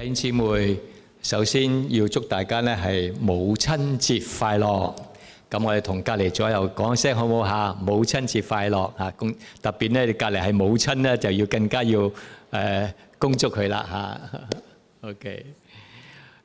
弟兄姊妹，首先要祝大家咧係母親節快樂。咁我哋同隔籬左右講聲好唔好吓？母親節快樂吓，恭特別咧，你隔籬係母親咧，就要更加要誒恭祝佢啦吓。OK，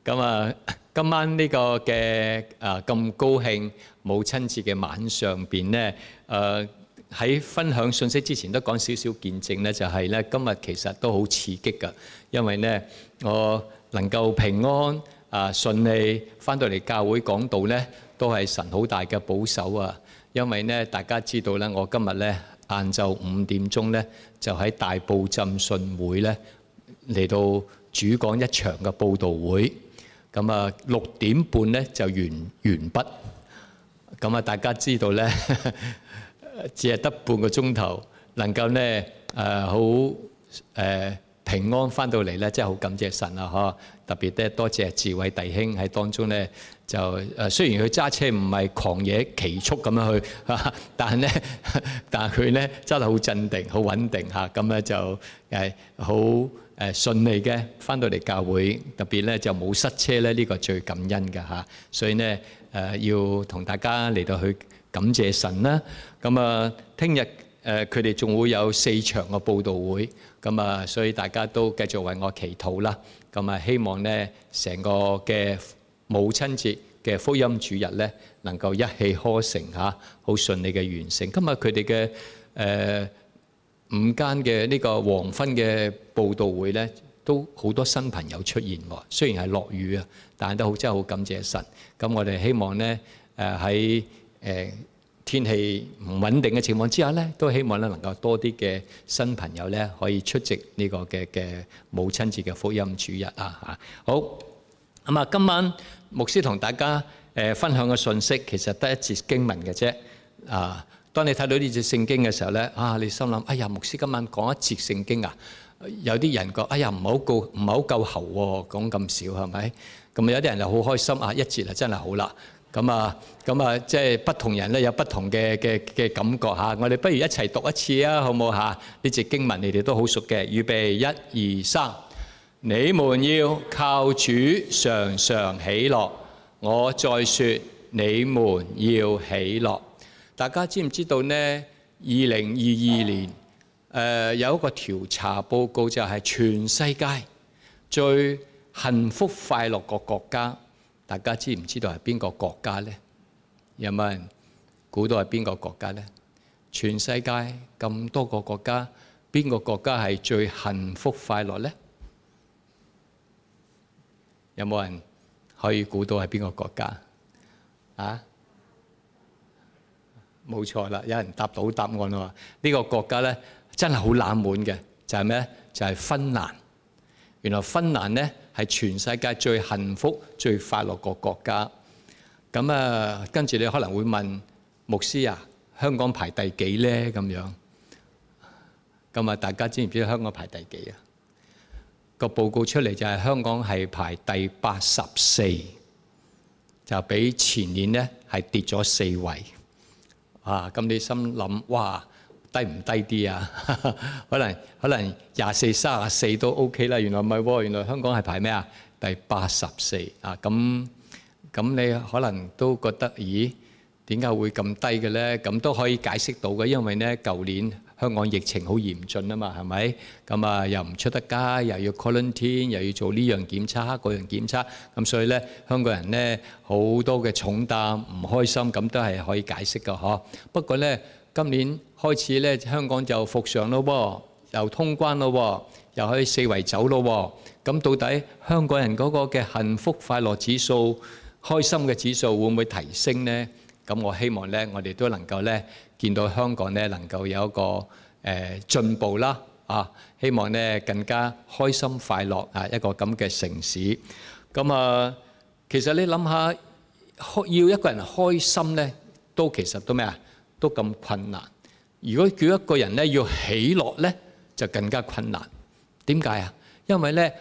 咁啊，今晚呢個嘅啊咁高興母親節嘅晚上邊咧誒。喺分享信息之前都講少少見證咧，就係咧今日其實都好刺激噶，因為咧我能夠平安啊順利翻到嚟教會講道咧，都係神好大嘅保守啊！因為咧大家知道咧，我今日咧晏晝五點鐘咧就喺大埔浸信會咧嚟到主講一場嘅佈道會，咁啊六點半咧就完完畢，咁啊大家知道咧。只係得半個鐘頭，能夠咧誒好誒平安翻到嚟咧，真係好感謝神啊！嗬，特別咧多謝智慧弟兄喺當中咧，就誒雖然佢揸車唔係狂野奇速咁樣去，但係咧但係佢咧真係好鎮定、好穩定嚇，咁咧就誒好誒順利嘅翻到嚟教會，特別咧就冇塞車咧，呢個最感恩嘅嚇，所以咧誒要同大家嚟到去感謝神啦。咁啊，聽日誒佢哋仲會有四場嘅佈道會，咁啊，所以大家都繼續為我祈禱啦。咁啊，希望咧成個嘅母親節嘅福音主日咧，能夠一氣呵成吓，好順利嘅完成。今日佢哋嘅誒午間嘅呢個黃昏嘅佈道會咧，都好多新朋友出現喎。雖然係落雨啊，但都好真係好感謝神。咁我哋希望咧誒喺誒天氣唔穩定嘅情況之下咧，都希望咧能夠多啲嘅新朋友咧可以出席呢個嘅嘅母親節嘅福音主日啊！啊，好，咁啊，今晚牧師同大家誒分享嘅信息其實得一節經文嘅啫。啊，當你睇到呢節聖經嘅時候咧，啊，你心諗，哎呀，牧師今晚講一節聖經啊，有啲人講，哎呀，唔好夠，唔好夠喉喎，講咁少係咪？咁有啲人就好開心啊，一節啊真係好啦。咁啊，咁啊、嗯嗯嗯，即係不同人咧有不同嘅嘅嘅感覺嚇、啊。我哋不如一齊讀一次啊，好冇嚇？呢、啊、節經文你哋都好熟嘅，預備一、二、三，你們要靠主常常喜樂。我再說，你們要喜樂。大家知唔知道呢？二零二二年，誒、呃、有一個調查報告就係全世界最幸福快樂個國家。大家知唔知道係邊個國家咧？有冇人估到係邊個國家咧？全世界咁多個國家，邊個國家係最幸福快樂咧？有冇人可以估到係邊個國家啊？冇錯啦，有人答到答案啦！呢個國家咧真係好冷門嘅，就係咩咧？就係芬蘭。原來芬蘭咧。係全世界最幸福、最快樂個國家。咁啊，跟住你可能會問牧師啊，香港排第幾咧？咁樣咁啊，大家知唔知香港排第幾啊？個報告出嚟就係香港係排第八十四，就比前年咧係跌咗四位。啊，咁你心諗哇～低唔低啲啊？可能可能廿四、卅四都 OK 啦。原來唔係喎，原來香港係排咩啊？第八十四啊。咁咁你可能都覺得，咦？點解會咁低嘅咧？咁都可以解釋到嘅，因為咧，舊年香港疫情好嚴峻啊嘛，係咪？咁啊，又唔出得街，又要 quarantine，又要做呢樣檢測、嗰樣檢測，咁所以咧，香港人咧好多嘅重擔、唔開心，咁都係可以解釋嘅呵。不過咧，今年。開始咧，香港就復常咯，喎又通關咯，喎又可以四圍走咯，喎咁到底香港人嗰個嘅幸福快樂指數、開心嘅指數會唔會提升咧？咁我希望咧，我哋都能夠咧見到香港咧能夠有一個誒進步啦啊！希望咧更加開心快樂啊，一個咁嘅城市咁啊。其實你諗下，開要一個人開心咧，都其實都咩啊？都咁困難。如果叫一個人咧要喜樂咧，就更加困難。點解啊？因為咧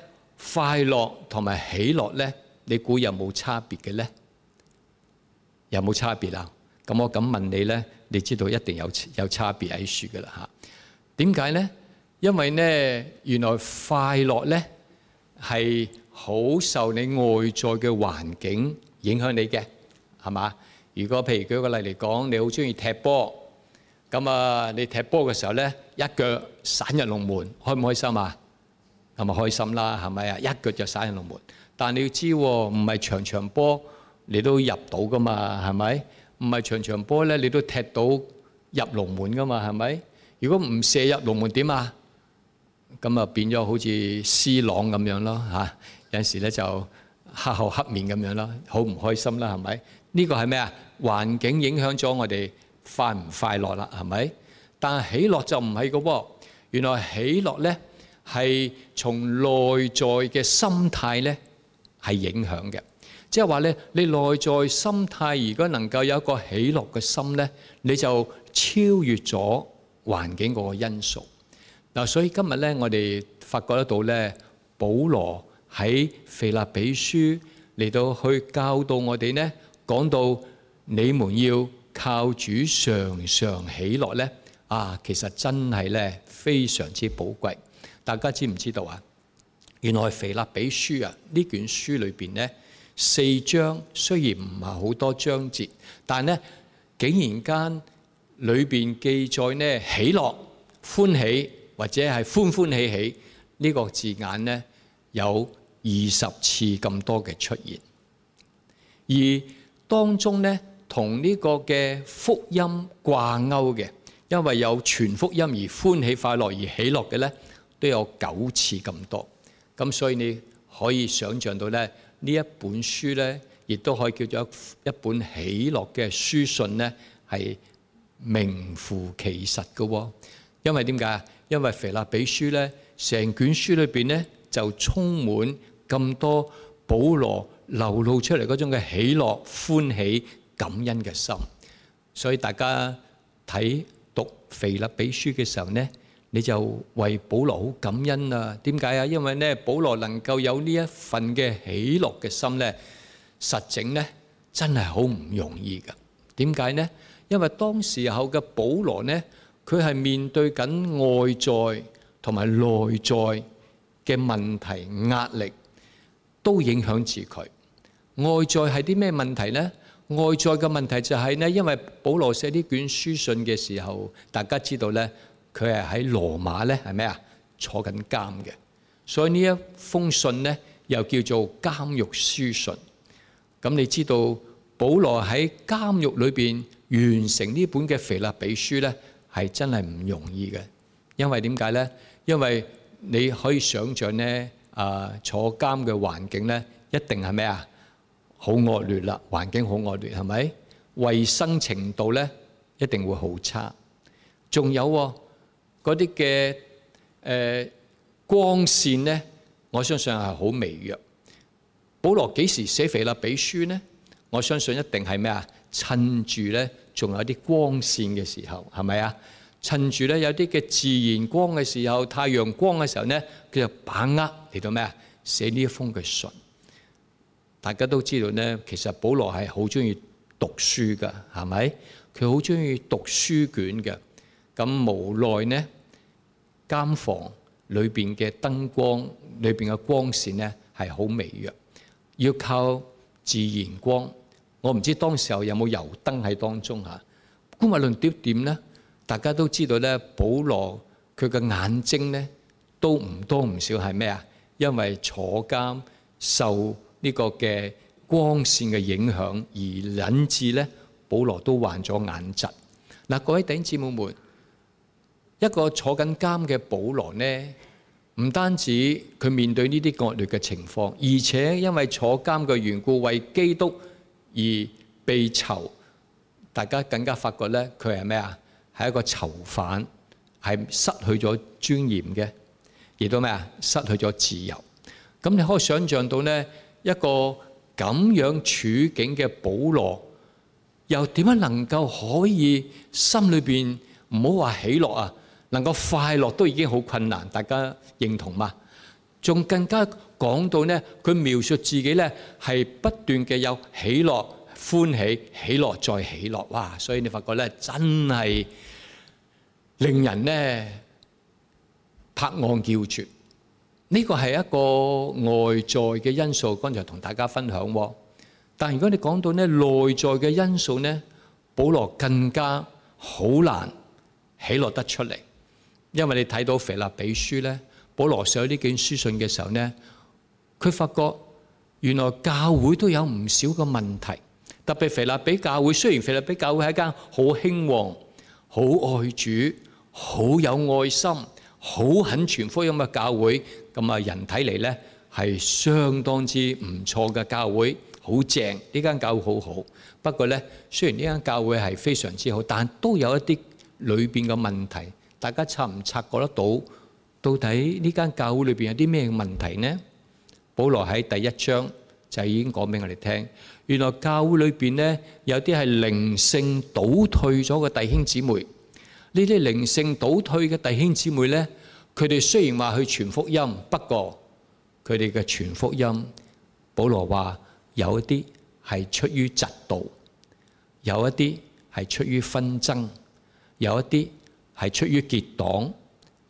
快樂同埋喜樂咧，你估有冇差別嘅咧？有冇差別啊？咁我咁問你咧，你知道一定有有差別喺度嘅啦嚇。點解咧？因為咧原來快樂咧係好受你外在嘅環境影響你嘅，係嘛？如果譬如舉個例嚟講，你好中意踢波。咁啊，你踢波嘅時候咧，一腳散入龍門，開唔開心啊？咁啊，開心啦，係咪啊？一腳就散入龍門，但你要知喎，唔係場場波你都入到噶嘛，係咪？唔係場場波咧，你都踢到入龍門噶嘛，係咪？如果唔射入龍門點啊？咁啊，變咗好似輸朗咁樣咯嚇。有時咧就黑口黑面咁樣啦，好唔開心啦，係咪？呢個係咩啊？環境影響咗我哋。快唔快樂啦？係咪？但係喜樂就唔係個喎。原來喜樂咧係從內在嘅心態咧係影響嘅。即係話咧，你內在心態如果能夠有一個喜樂嘅心咧，你就超越咗環境嗰個因素。嗱，所以今日咧，我哋發覺得到咧，保羅喺腓立比書嚟到去教導我哋咧，講到你們要。靠主常常喜樂呢，啊，其實真係呢非常之寶貴。大家知唔知道啊？原來腓立比書啊，呢卷書裏邊呢，四章雖然唔係好多章節，但呢竟然間裏邊記載呢喜樂、歡喜或者係歡歡喜喜呢個字眼呢有二十次咁多嘅出現，而當中呢。同呢個嘅福音掛鈎嘅，因為有全福音而歡喜快樂而喜樂嘅呢，都有九次咁多。咁所以你可以想象到呢，呢一本書呢，亦都可以叫做一本喜樂嘅書信呢，係名副其實嘅。因為點解？因為腓立比書呢，成卷書裏邊呢，就充滿咁多保羅流露出嚟嗰種嘅喜樂、歡喜、感恩嘅心，所以大家睇讀腓立比書嘅時候呢，你就為保羅好感恩啊。點解啊？因為呢，保羅能夠有呢一份嘅喜樂嘅心呢，實情呢真係好唔容易㗎。點解呢？因為當時候嘅保羅呢，佢係面對緊外在同埋內在嘅問題壓力，都影響住佢。外在係啲咩問題呢？外在嘅問題就係呢，因為保羅寫呢卷書信嘅時候，大家知道呢，佢係喺羅馬呢，係咩啊？坐緊監嘅，所以呢一封信呢，又叫做監獄書信。咁你知道保羅喺監獄裏邊完成呢本嘅《腓立比書》呢，係真係唔容易嘅，因為點解呢？因為你可以想像呢，啊坐監嘅環境呢，一定係咩啊？好惡劣啦，環境好惡劣，係咪？衞生程度咧，一定會好差。仲有嗰啲嘅誒光線咧，我相信係好微弱。保羅幾時寫腓立比書咧？我相信一定係咩啊？趁住咧，仲有啲光線嘅時候，係咪啊？趁住咧，有啲嘅自然光嘅時候，太陽光嘅時候咧，佢就把握嚟到咩啊？寫呢一封嘅信。大家都知道咧，其實保羅係好鍾意讀書㗎，係咪？佢好鍾意讀書卷嘅。咁無奈咧，監房裏邊嘅燈光裏邊嘅光線咧，係好微弱，要靠自然光。我唔知當時候有冇油燈喺當中吓。咁無論點點咧？大家都知道咧，保羅佢嘅眼睛咧都唔多唔少係咩啊？因為坐監受。呢個嘅光線嘅影響，而引致咧，保羅都患咗眼疾。嗱、啊，各位弟兄姊妹們，一個坐緊監嘅保羅呢，唔單止佢面對呢啲惡劣嘅情況，而且因為坐監嘅緣故，為基督而被囚。大家更加發覺咧，佢係咩啊？係一個囚犯，係失去咗尊嚴嘅，亦都咩啊？失去咗自由。咁你可以想像到咧。一個咁樣處境嘅保羅，又點樣能夠可以心裏邊唔好話喜樂啊？能夠快樂都已經好困難，大家認同嗎？仲更加講到呢，佢描述自己呢係不斷嘅有喜樂、歡喜、喜樂再喜樂，哇！所以你發覺呢，真係令人呢拍案叫絕。呢個係一個外在嘅因素，剛才同大家分享。但係如果你講到咧內在嘅因素咧，保羅更加好難喜樂得出嚟，因為你睇到腓立比書咧，保羅寫呢件書信嘅時候咧，佢發覺原來教會都有唔少嘅問題，特別腓立比教會。雖然腓立比教會係一間好興旺、好愛主、好有愛心、好肯傳福音嘅教會。咁啊，人睇嚟呢係相當之唔錯嘅教會，好正，呢間教會好好。不過呢，雖然呢間教會係非常之好，但都有一啲裏邊嘅問題，大家察唔察覺得到？到底呢間教會裏邊有啲咩問題呢？保羅喺第一章就已經講俾我哋聽，原來教會裏邊呢有啲係靈性倒退咗嘅弟兄姊妹。呢啲靈性倒退嘅弟兄姊妹呢。佢哋雖然話去傳福音，不過佢哋嘅傳福音，保羅話有一啲係出於嫉妒，有一啲係出於紛爭，有一啲係出於結黨，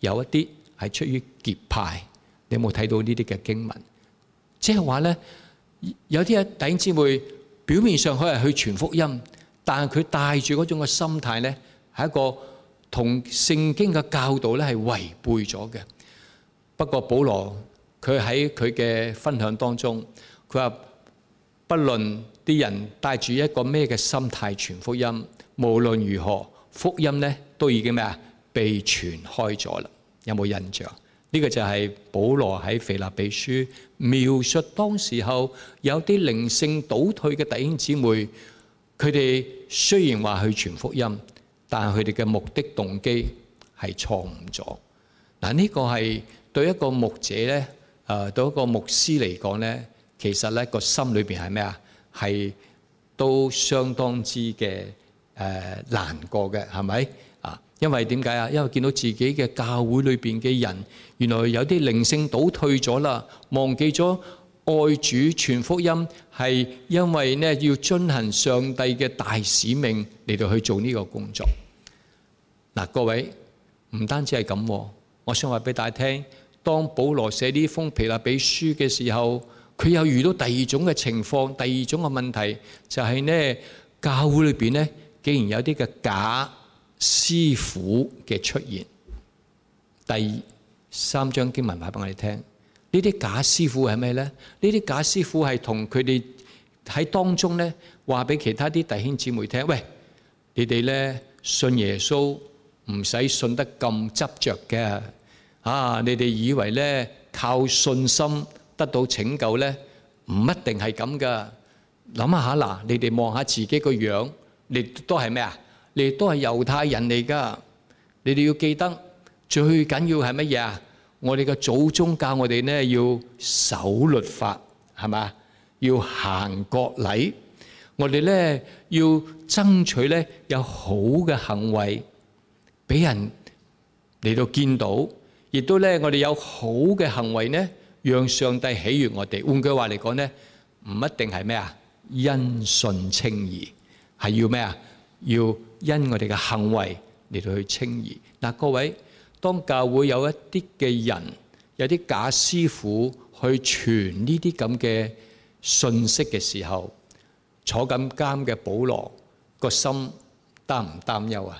有一啲係出於結派。你有冇睇到呢啲嘅經文？即係話咧，有啲啊弟兄姊妹表面上佢係去傳福音，但係佢帶住嗰種嘅心態咧，係一個。同聖經嘅教導咧係違背咗嘅。不過保羅佢喺佢嘅分享當中，佢話：不論啲人帶住一個咩嘅心態傳福音，無論如何，福音咧都已經咩啊？被傳開咗啦。有冇印象？呢個就係保羅喺腓立比書描述當時候有啲靈性倒退嘅弟兄姊妹，佢哋雖然話去傳福音。但係佢哋嘅目的動機係錯誤咗。嗱呢個係對一個牧者咧，誒對一個牧師嚟講咧，其實咧個心裏邊係咩啊？係都相當之嘅誒難過嘅，係咪啊？因為點解啊？因為見到自己嘅教會裏邊嘅人，原來有啲靈性倒退咗啦，忘記咗愛主傳福音，係因為咧要遵行上帝嘅大使命嚟到去做呢個工作。嗱，各位唔單止係咁，我想話俾大家聽。當保羅寫呢封腓立比書嘅時候，佢又遇到第二種嘅情況，第二種嘅問題就係咧，教會裏邊咧竟然有啲嘅假師傅嘅出現。第三章經文擺俾我哋聽，呢啲假師傅係咩咧？呢啲假師傅係同佢哋喺當中咧話俾其他啲弟兄姊妹聽，喂，你哋咧信耶穌。唔使信得咁執著嘅啊！你哋以為咧靠信心得到拯救咧，唔一定係咁㗎。諗下下嗱，你哋望下自己個樣，你都係咩啊？你都係猶太人嚟㗎。你哋要記得最緊要係乜嘢啊？我哋嘅祖宗教我哋咧要守律法，係嘛？要行割禮。我哋咧要爭取咧有好嘅行為。俾人嚟到見到，亦都咧，我哋有好嘅行為呢，讓上帝喜悅我哋。換句話嚟講呢，唔一定係咩啊，因信稱義係要咩啊？要因我哋嘅行為嚟到去稱義。嗱、呃，各位，當教會有一啲嘅人，有啲假師傅去傳呢啲咁嘅信息嘅時候，坐緊監嘅保羅個心擔唔擔憂啊？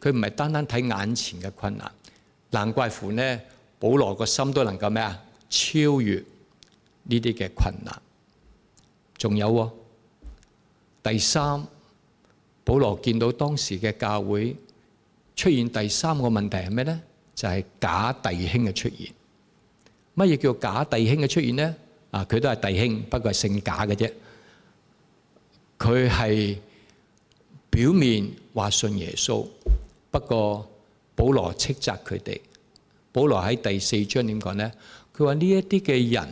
佢唔係單單睇眼前嘅困難，難怪乎呢，保羅個心都能夠咩啊？超越呢啲嘅困難。仲有喎，第三，保羅見到當時嘅教會出現第三個問題係咩呢？就係假弟兄嘅出現。乜嘢叫假弟兄嘅出現呢？啊，佢都係弟兄，不過係姓假嘅啫。佢係表面話信耶穌。不過保羅斥責佢哋，保羅喺第四章點講咧？佢話呢一啲嘅人，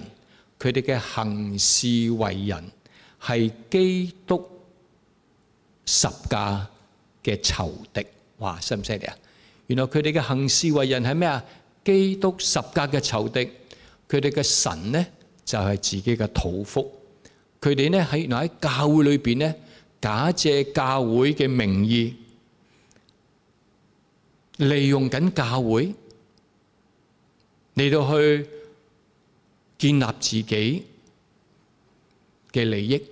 佢哋嘅行事為人係基督十架嘅仇敵。哇，犀唔犀利啊？原來佢哋嘅行事為人係咩啊？基督十架嘅仇敵，佢哋嘅神咧就係自己嘅肚腹。佢哋咧喺原來喺教會裏邊咧，假借教會嘅名義。利用緊教會嚟到去建立自己嘅利益，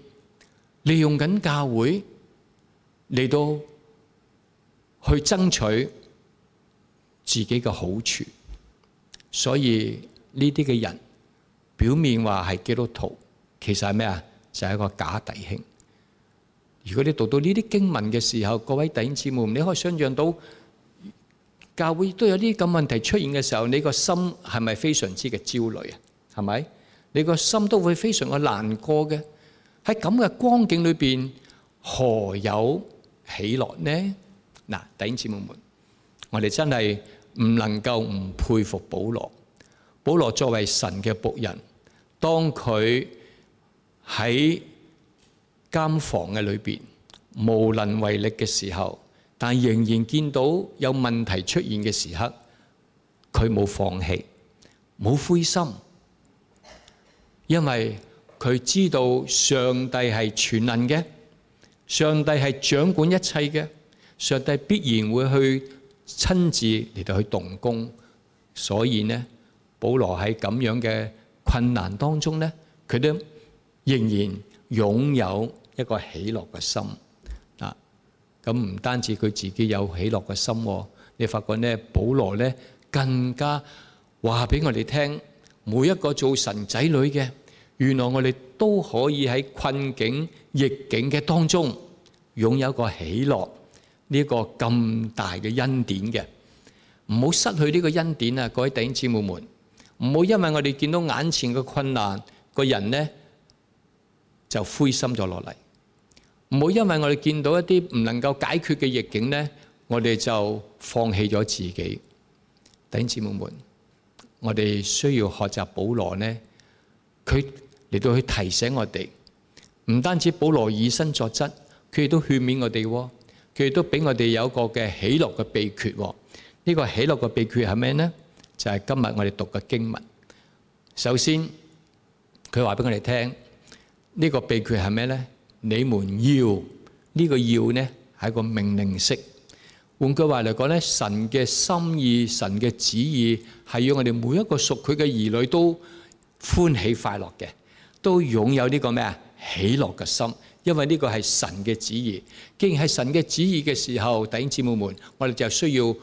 利用緊教會嚟到去爭取自己嘅好處。所以呢啲嘅人表面話係基督徒，其實係咩啊？就係一個假弟兄。如果你讀到呢啲經文嘅時候，各位弟兄姊妹，你可以想象到。教會都有啲咁問題出現嘅時候，你個心係咪非常之嘅焦慮啊？係咪？你個心都會非常嘅難過嘅。喺咁嘅光景裏邊，何有喜樂呢？嗱，弟兄姊妹們，我哋真係唔能夠唔佩服保羅。保羅作為神嘅僕人，當佢喺監房嘅裏邊無能為力嘅時候，但仍然見到有問題出現嘅時刻，佢冇放棄，冇灰心，因為佢知道上帝係全能嘅，上帝係掌管一切嘅，上帝必然會去親自嚟到去動工。所以呢，保羅喺咁樣嘅困難當中呢，佢都仍然擁有一個喜樂嘅心。咁唔單止佢自己有喜樂嘅心喎，你發覺呢，保羅呢，更加話俾我哋聽，每一個做神仔女嘅，原來我哋都可以喺困境逆境嘅當中擁有個喜樂呢一個咁大嘅恩典嘅，唔好失去呢個恩典啊！各位弟兄姊妹們，唔好因為我哋見到眼前嘅困難，個人呢就灰心咗落嚟。唔好因為我哋見到一啲唔能夠解決嘅逆境咧，我哋就放棄咗自己。弟兄姊妹們，我哋需要學習保羅咧，佢嚟到去提醒我哋，唔單止保羅以身作則，佢亦都勸勉我哋，佢亦都俾我哋有一個嘅喜樂嘅秘訣。呢個喜樂嘅秘訣係咩咧？就係今日我哋讀嘅經文。首先，佢話俾我哋聽，呢個秘訣係咩咧？你們要呢個要呢，係一個命令式。換句話嚟講呢，神嘅心意、神嘅旨意係要我哋每一個屬佢嘅兒女都歡喜快樂嘅，都擁有呢個咩啊？喜樂嘅心，因為呢個係神嘅旨意。既然係神嘅旨意嘅時候，弟兄姊妹們，我哋就需要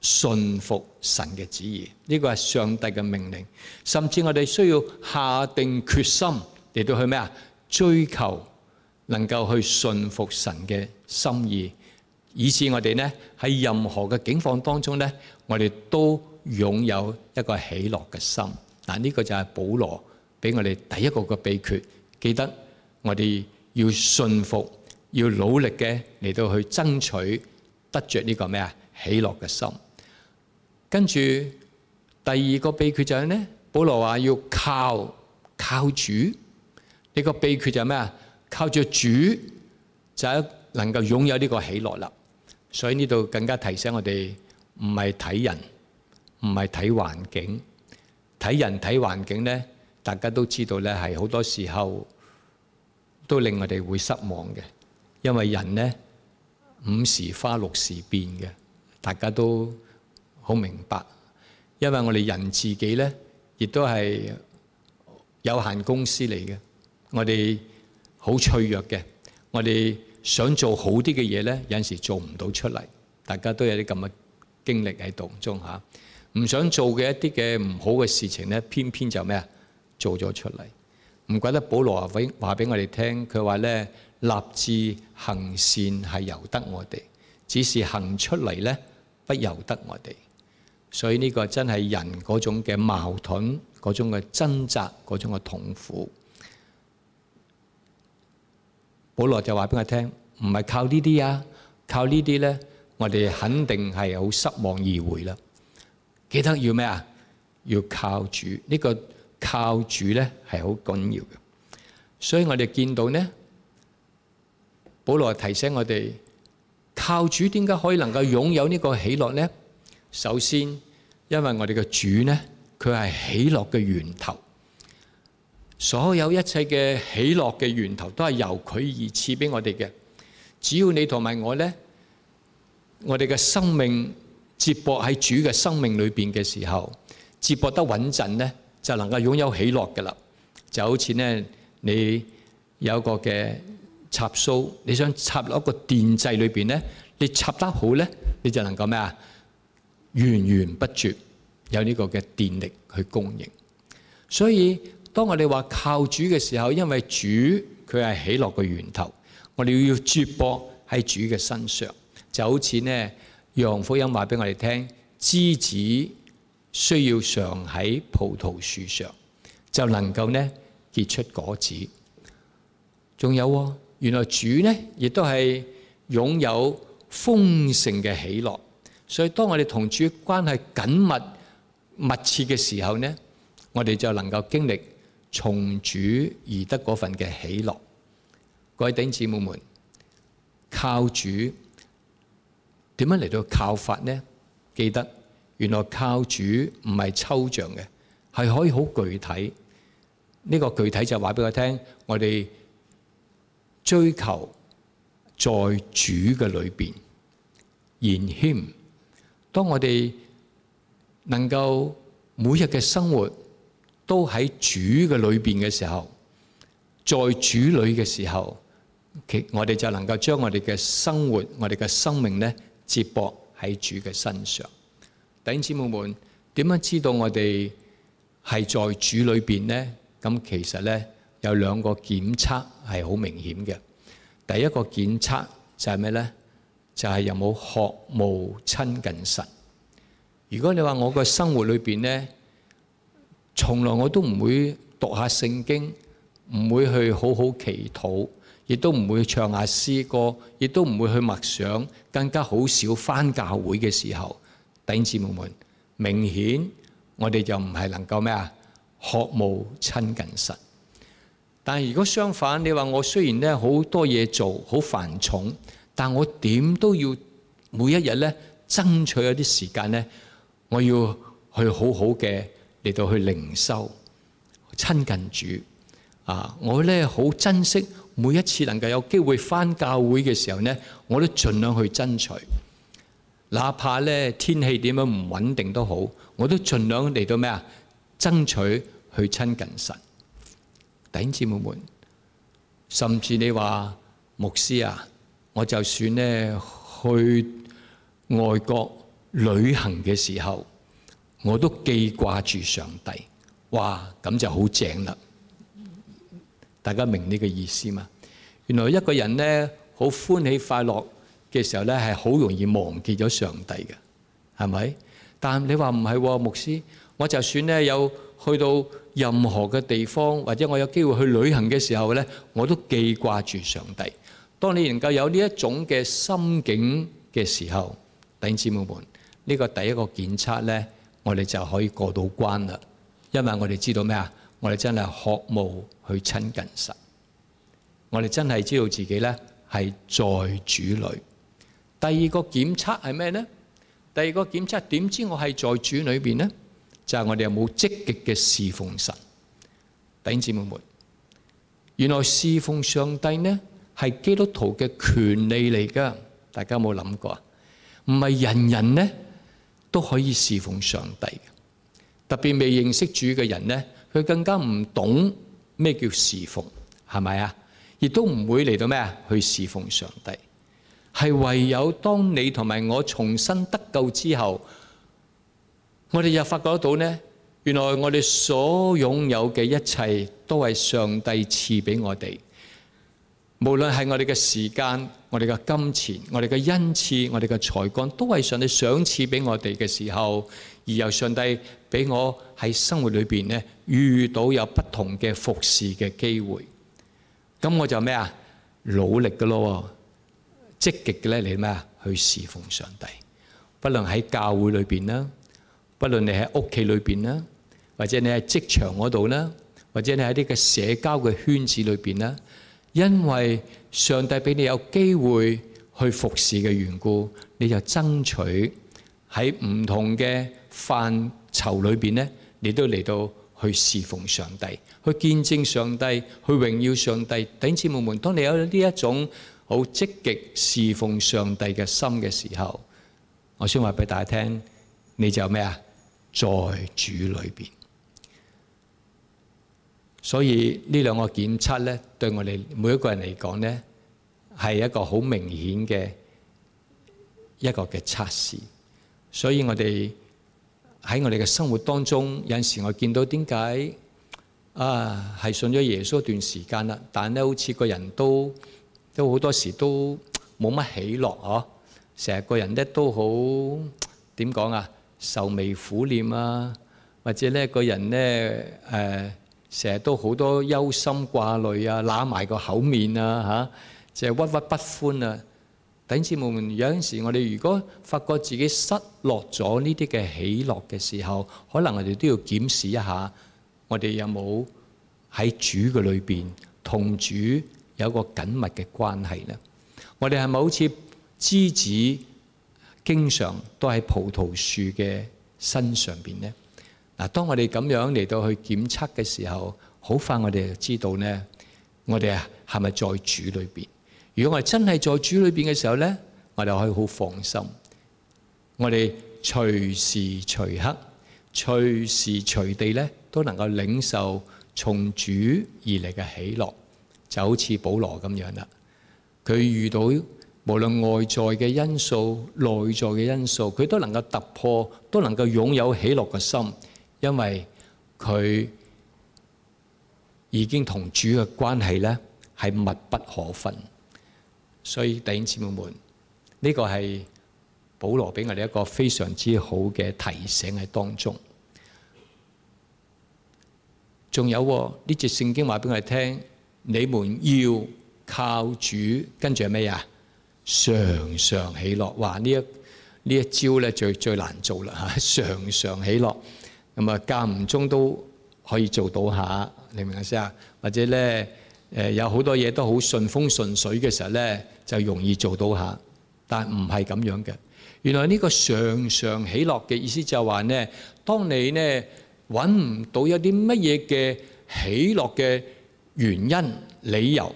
信服神嘅旨意。呢個係上帝嘅命令，甚至我哋需要下定決心嚟到去咩啊？追求。能夠去信服神嘅心意，以至我哋呢喺任何嘅境況當中呢，我哋都擁有一個喜樂嘅心。嗱，呢個就係保羅俾我哋第一個嘅秘訣。記得我哋要信服，要努力嘅嚟到去爭取得着呢個咩啊？喜樂嘅心。跟住第二個秘訣就係呢，保羅話要靠靠主。呢個秘訣就係咩啊？靠著主就係能夠擁有呢個喜樂啦，所以呢度更加提醒我哋唔係睇人，唔係睇環境，睇人睇環境呢，大家都知道呢係好多時候都令我哋會失望嘅，因為人呢，五時花六時變嘅，大家都好明白，因為我哋人自己呢，亦都係有限公司嚟嘅，我哋。好脆弱嘅，我哋想做好啲嘅嘢呢，有陣時做唔到出嚟，大家都有啲咁嘅經歷喺度中吓，唔、啊、唔想做嘅一啲嘅唔好嘅事情呢，偏偏就咩啊？做咗出嚟。唔怪得保羅話俾我哋聽，佢話呢，立志行善係由得我哋，只是行出嚟呢，不由得我哋。所以呢個真係人嗰種嘅矛盾，嗰種嘅掙扎，嗰種嘅痛苦。保羅就話俾我聽，唔係靠呢啲啊，靠呢啲咧，我哋肯定係好失望而回啦。記得要咩啊？要靠主，呢個靠主咧係好緊要嘅。所以我哋見到咧，保羅提醒我哋，靠主點解可以能夠擁有呢個喜樂咧？首先，因為我哋嘅主咧，佢係喜樂嘅源頭。所有一切嘅喜樂嘅源頭都係由佢而賜俾我哋嘅。只要你同埋我呢，我哋嘅生命接駁喺主嘅生命裏邊嘅時候，接駁得穩陣呢，就能夠擁有喜樂㗎喇。就好似呢，你有一個嘅插蘇，你想插落一個電掣裏邊呢，你插得好呢，你就能夠咩啊？源源不絕有呢個嘅電力去供應，所以。當我哋話靠主嘅時候，因為主佢係喜樂嘅源頭，我哋要接駁喺主嘅身上，就好似呢，約翰福音話俾我哋聽，枝子需要常喺葡萄樹上，就能夠呢結出果子。仲有喎，原來主呢亦都係擁有豐盛嘅喜樂，所以當我哋同主關係緊密密切嘅時候呢，我哋就能夠經歷。從主而得嗰份嘅喜樂，各位弟兄姊妹們，靠主點樣嚟到靠法呢？記得，原來靠主唔係抽象嘅，係可以好具體。呢個具體就話俾我聽，我哋追求在主嘅裏邊，In Him。當我哋能夠每日嘅生活。都喺主嘅裏邊嘅時候，在主裏嘅時候，其我哋就能夠將我哋嘅生活、我哋嘅生命咧，接駁喺主嘅身上。弟兄姊妹們，點樣知道我哋係在主裏邊咧？咁其實咧有兩個檢測係好明顯嘅。第一個檢測就係咩咧？就係、是、有冇學務親近神。如果你話我嘅生活裏邊咧，從來我都唔會讀下聖經，唔會去好好祈禱，亦都唔會唱下詩歌，亦都唔會去默想，更加好少翻教會嘅時候。弟兄姊妹們，明顯我哋就唔係能夠咩啊？學無親近神。但係如果相反，你話我雖然咧好多嘢做，好繁重，但我點都要每一日咧爭取一啲時間咧，我要去好好嘅，嚟到去靈修，親近主啊！我呢好珍惜每一次能夠有機會返教會嘅時候呢，我都盡量去爭取，哪怕呢天氣點樣唔穩定都好，我都盡量嚟到咩啊？爭取去親近神。弟兄姊妹們，甚至你話牧師啊，我就算呢去外國旅行嘅時候，我都記掛住上帝，哇！咁就好正啦。大家明呢個意思嘛？原來一個人呢，好歡喜快樂嘅時候呢，係好容易忘記咗上帝嘅，係咪？但你話唔係喎，牧師，我就算呢有去到任何嘅地方，或者我有機會去旅行嘅時候呢，我都記掛住上帝。當你能夠有呢一種嘅心境嘅時候，弟兄姊妹們，呢個第一個檢測呢。我哋就可以過到關啦，因為我哋知道咩啊？我哋真係渴慕去親近神，我哋真係知道自己咧係在主裏。第二個檢測係咩咧？第二個檢測點知我係在主裏邊咧，就係我哋有冇積極嘅侍奉神。弟兄姊妹們，原來侍奉上帝咧係基督徒嘅權利嚟㗎，大家有冇諗過啊？唔係人人咧，都可以侍奉上帝嘅，特別未認識主嘅人呢，佢更加唔懂咩叫侍奉，係咪啊？亦都唔會嚟到咩去侍奉上帝，係唯有當你同埋我重新得救之後，我哋又發覺到呢，原來我哋所擁有嘅一切都係上帝賜俾我哋。無論係我哋嘅時間、我哋嘅金錢、我哋嘅恩賜、我哋嘅才幹，都係上帝賞賜俾我哋嘅時候，而由上帝俾我喺生活裏邊咧遇到有不同嘅服侍嘅機會，咁我就咩啊？努力嘅咯，積極嘅咧嚟咩啊？去侍奉上帝，不論喺教會裏邊啦，不論你喺屋企裏邊啦，或者你喺職場嗰度啦，或者你喺呢個社交嘅圈子裏邊啦。因為上帝俾你有機會去服侍嘅緣故，你就爭取喺唔同嘅範疇裏邊咧，你都嚟到去侍奉上帝，去見證上帝，去榮耀上帝。弟兄姊妹們，當你有呢一種好積極侍奉上帝嘅心嘅時候，我先話俾大家聽，你就咩啊，在主裏邊。所以呢兩個檢測咧，對我哋每一個人嚟講咧，係一個好明顯嘅一個嘅測試。所以我哋喺我哋嘅生活當中，有陣時我見到點解啊，係信咗耶穌一段時間啦，但咧好似個人都都好多時都冇乜喜樂啊，成日個人咧都好點講啊，愁眉苦臉啊，或者咧個人咧誒。呃成日都好多憂心掛慮啊，揦埋個口面啊，嚇，就係、鬱鬱不歡啊。等弟兄們，有陣時我哋如果發覺自己失落咗呢啲嘅喜樂嘅時候，可能我哋都要檢視一下我有有，我哋有冇喺主嘅裏邊同主有一個緊密嘅關係呢？我哋係咪好似枝子，經常都喺葡萄樹嘅身上邊呢？當我哋咁樣嚟到去檢測嘅時候,好快我哋就知道呢,我哋係咪在主裡邊,如果我哋真係在主裡邊嘅時候呢,我哋就可以好放心。因為佢已經同主嘅關係咧係密不可分，所以弟兄姊妹們，呢個係保羅俾我哋一個非常之好嘅提醒喺當中。仲有呢節聖經話俾我哋聽，你們要靠主，跟住係咩啊？常常喜樂。哇！呢一呢一招咧最最難做啦吓，常常喜樂。咁啊，間唔中都可以做到下，明唔明意思啊？或者咧，誒有好多嘢都好順風順水嘅時候咧，就容易做到下，但唔係咁樣嘅。原來呢個常常喜樂嘅意思就係話咧，當你咧揾唔到有啲乜嘢嘅喜樂嘅原因、理由，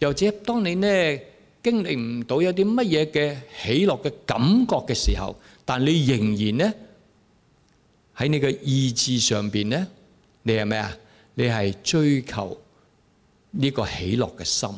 又或者當你咧經歷唔到有啲乜嘢嘅喜樂嘅感覺嘅時候，但你仍然咧，喺你嘅意志上邊咧，你係咩啊？你係追求呢個喜樂嘅心。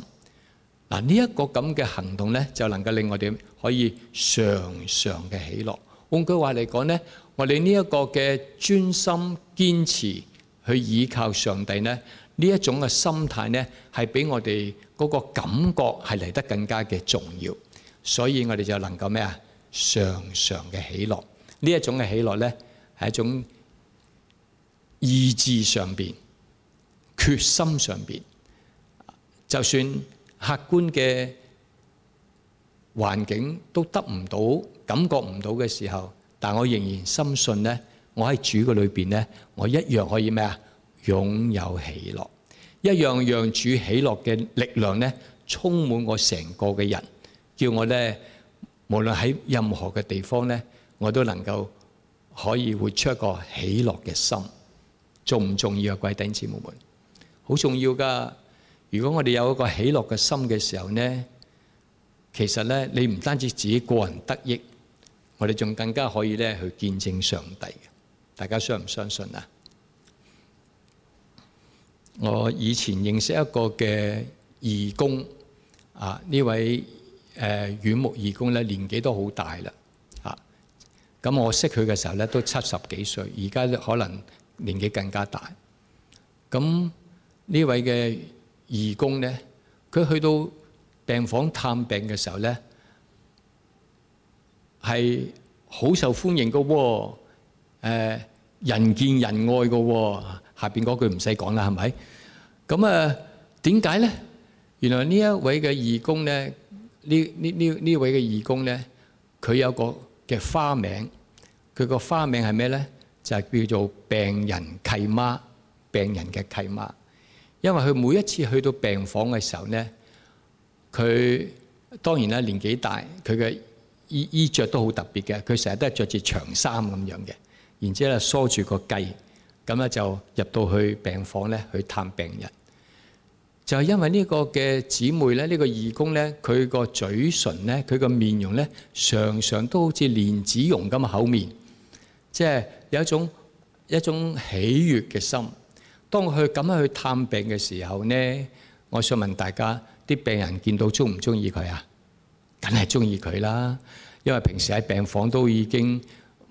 嗱，呢一個咁嘅行動咧，就能夠令我哋可以常常嘅喜樂。換句話嚟講咧，我哋呢一個嘅專心堅持去倚靠上帝咧，呢一種嘅心態咧，係俾我哋嗰個感覺係嚟得更加嘅重要，所以我哋就能夠咩啊？常常嘅喜樂，呢一種嘅喜樂咧。係一種意志上面、決心上面，就算客觀嘅環境都得唔到、感覺唔到嘅時候，但我仍然深信呢，我喺主嘅裏面呢，我一樣可以咩啊？擁有喜樂，一樣讓主喜樂嘅力量呢，充滿我成個嘅人，叫我呢，無論喺任何嘅地方呢，我都能夠。可以活出一個喜樂嘅心，重唔重要啊？貴頂姊妹們，好重要噶！如果我哋有一個喜樂嘅心嘅時候呢，其實呢，你唔單止自己個人得益，我哋仲更加可以呢，去見證上帝。大家相唔相信啊？我以前認識一個嘅義工啊，呢位誒院牧義工呢，年紀都好大啦。咁我識佢嘅時候咧，都七十幾歲，而家可能年紀更加大。咁呢位嘅義工咧，佢去到病房探病嘅時候咧，係好受歡迎嘅喎，誒人見人愛嘅喎。下邊嗰句唔使講啦，係咪？咁啊點解咧？原來呢一位嘅義工咧，呢呢呢呢位嘅義工咧，佢有個嘅花名，佢個花名係咩咧？就係叫做病人契媽，病人嘅契媽，因為佢每一次去到病房嘅時候咧，佢當然啦年紀大，佢嘅衣衣著都好特別嘅，佢成日都係着住長衫咁樣嘅，然之後咧梳住個髻，咁咧就入到去病房咧去探病人。就係因為呢個嘅姊妹咧，呢個義工咧，佢個嘴唇咧，佢個面容咧，常常都好似蓮子蓉咁嘅口面，即係有一種一種喜悅嘅心。當我去咁樣去探病嘅時候咧，我想問大家，啲病人見到中唔中意佢啊？梗係中意佢啦，因為平時喺病房都已經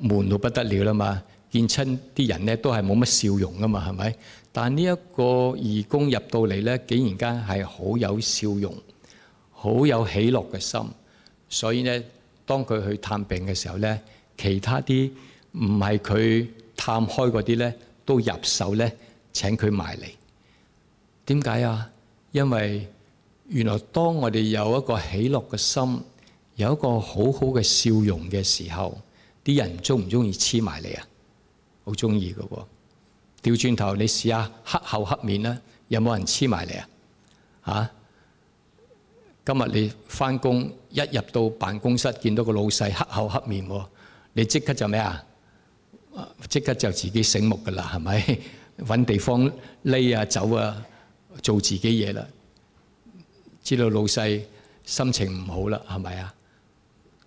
悶到不得了啦嘛，見親啲人咧都係冇乜笑容噶嘛，係咪？但呢一個義工入到嚟呢，竟然間係好有笑容、好有喜樂嘅心，所以呢，當佢去探病嘅時候呢，其他啲唔係佢探開嗰啲呢，都入手呢，請佢埋嚟。點解啊？因為原來當我哋有一個喜樂嘅心，有一個好好嘅笑容嘅時候，啲人鍾唔鍾意黐埋你啊？好鍾意嘅喎。調轉頭，你試下黑口黑面啦，有冇人黐埋你啊？嚇！今日你返工一入到辦公室，見到個老細黑口黑面喎，你即刻就咩啊？即刻就自己醒目噶啦，係咪搵地方匿啊走啊，做自己嘢啦？知道老細心情唔好啦，係咪啊？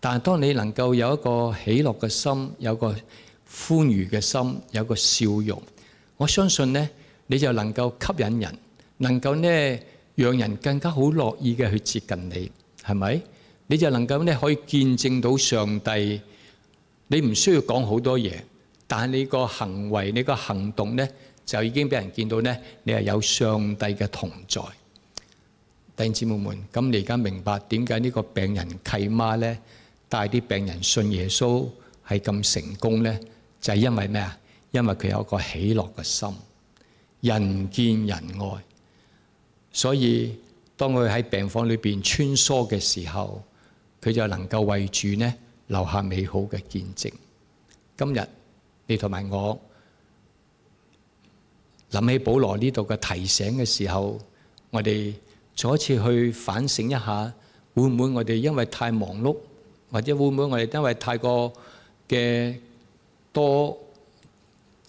但係當你能夠有一個喜樂嘅心，有個歡愉嘅心，有個笑容。我相信呢，你就能夠吸引人，能夠呢，讓人更加好樂意嘅去接近你，係咪？你就能夠呢，可以見證到上帝。你唔需要講好多嘢，但係你個行為、你個行動呢，就已經俾人見到呢，你係有上帝嘅同在。弟兄姊妹們，咁你而家明白點解呢個病人契媽呢，帶啲病人信耶穌係咁成功呢，就係因為咩啊？因為佢有一個喜樂嘅心，人見人愛，所以當佢喺病房裏邊穿梭嘅時候，佢就能夠為主呢留下美好嘅見證。今日你同埋我諗起保羅呢度嘅提醒嘅時候，我哋再一次去反省一下，會唔會我哋因為太忙碌，或者會唔會我哋因為太過嘅多，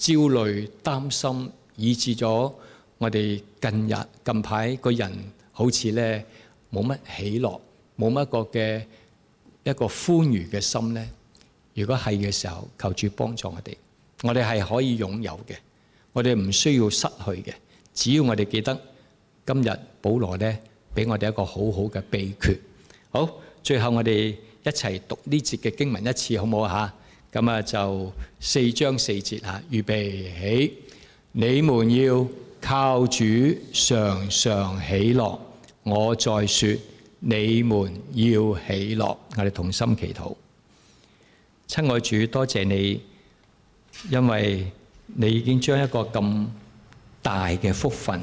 焦慮、擔心，以致咗我哋近日近排個人好似咧冇乜喜樂，冇乜個嘅一個歡愉嘅心咧。如果係嘅時候，求主幫助我哋，我哋係可以擁有嘅，我哋唔需要失去嘅。只要我哋記得今日，保羅咧俾我哋一個好好嘅秘訣。好，最後我哋一齊讀呢節嘅經文一次，好唔好啊？咁啊，就四章四節啊，預備起，你們要靠主常常喜樂。我再説，你們要喜樂。我哋同心祈禱，親愛主，多謝你，因為你已經將一個咁大嘅福分、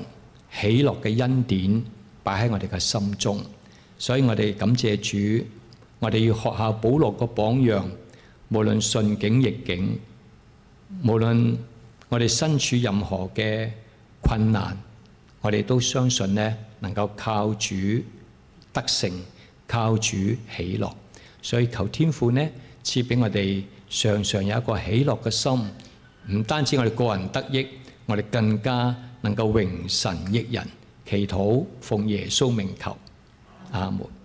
喜樂嘅恩典擺喺我哋嘅心中，所以我哋感謝主，我哋要學下保羅個榜樣。無論順境逆境，無論我哋身處任何嘅困難，我哋都相信咧能夠靠主得勝，靠主喜樂。所以求天父呢賜俾我哋常常有一個喜樂嘅心，唔單止我哋個人得益，我哋更加能夠榮神益人。祈禱奉耶穌名求，阿門。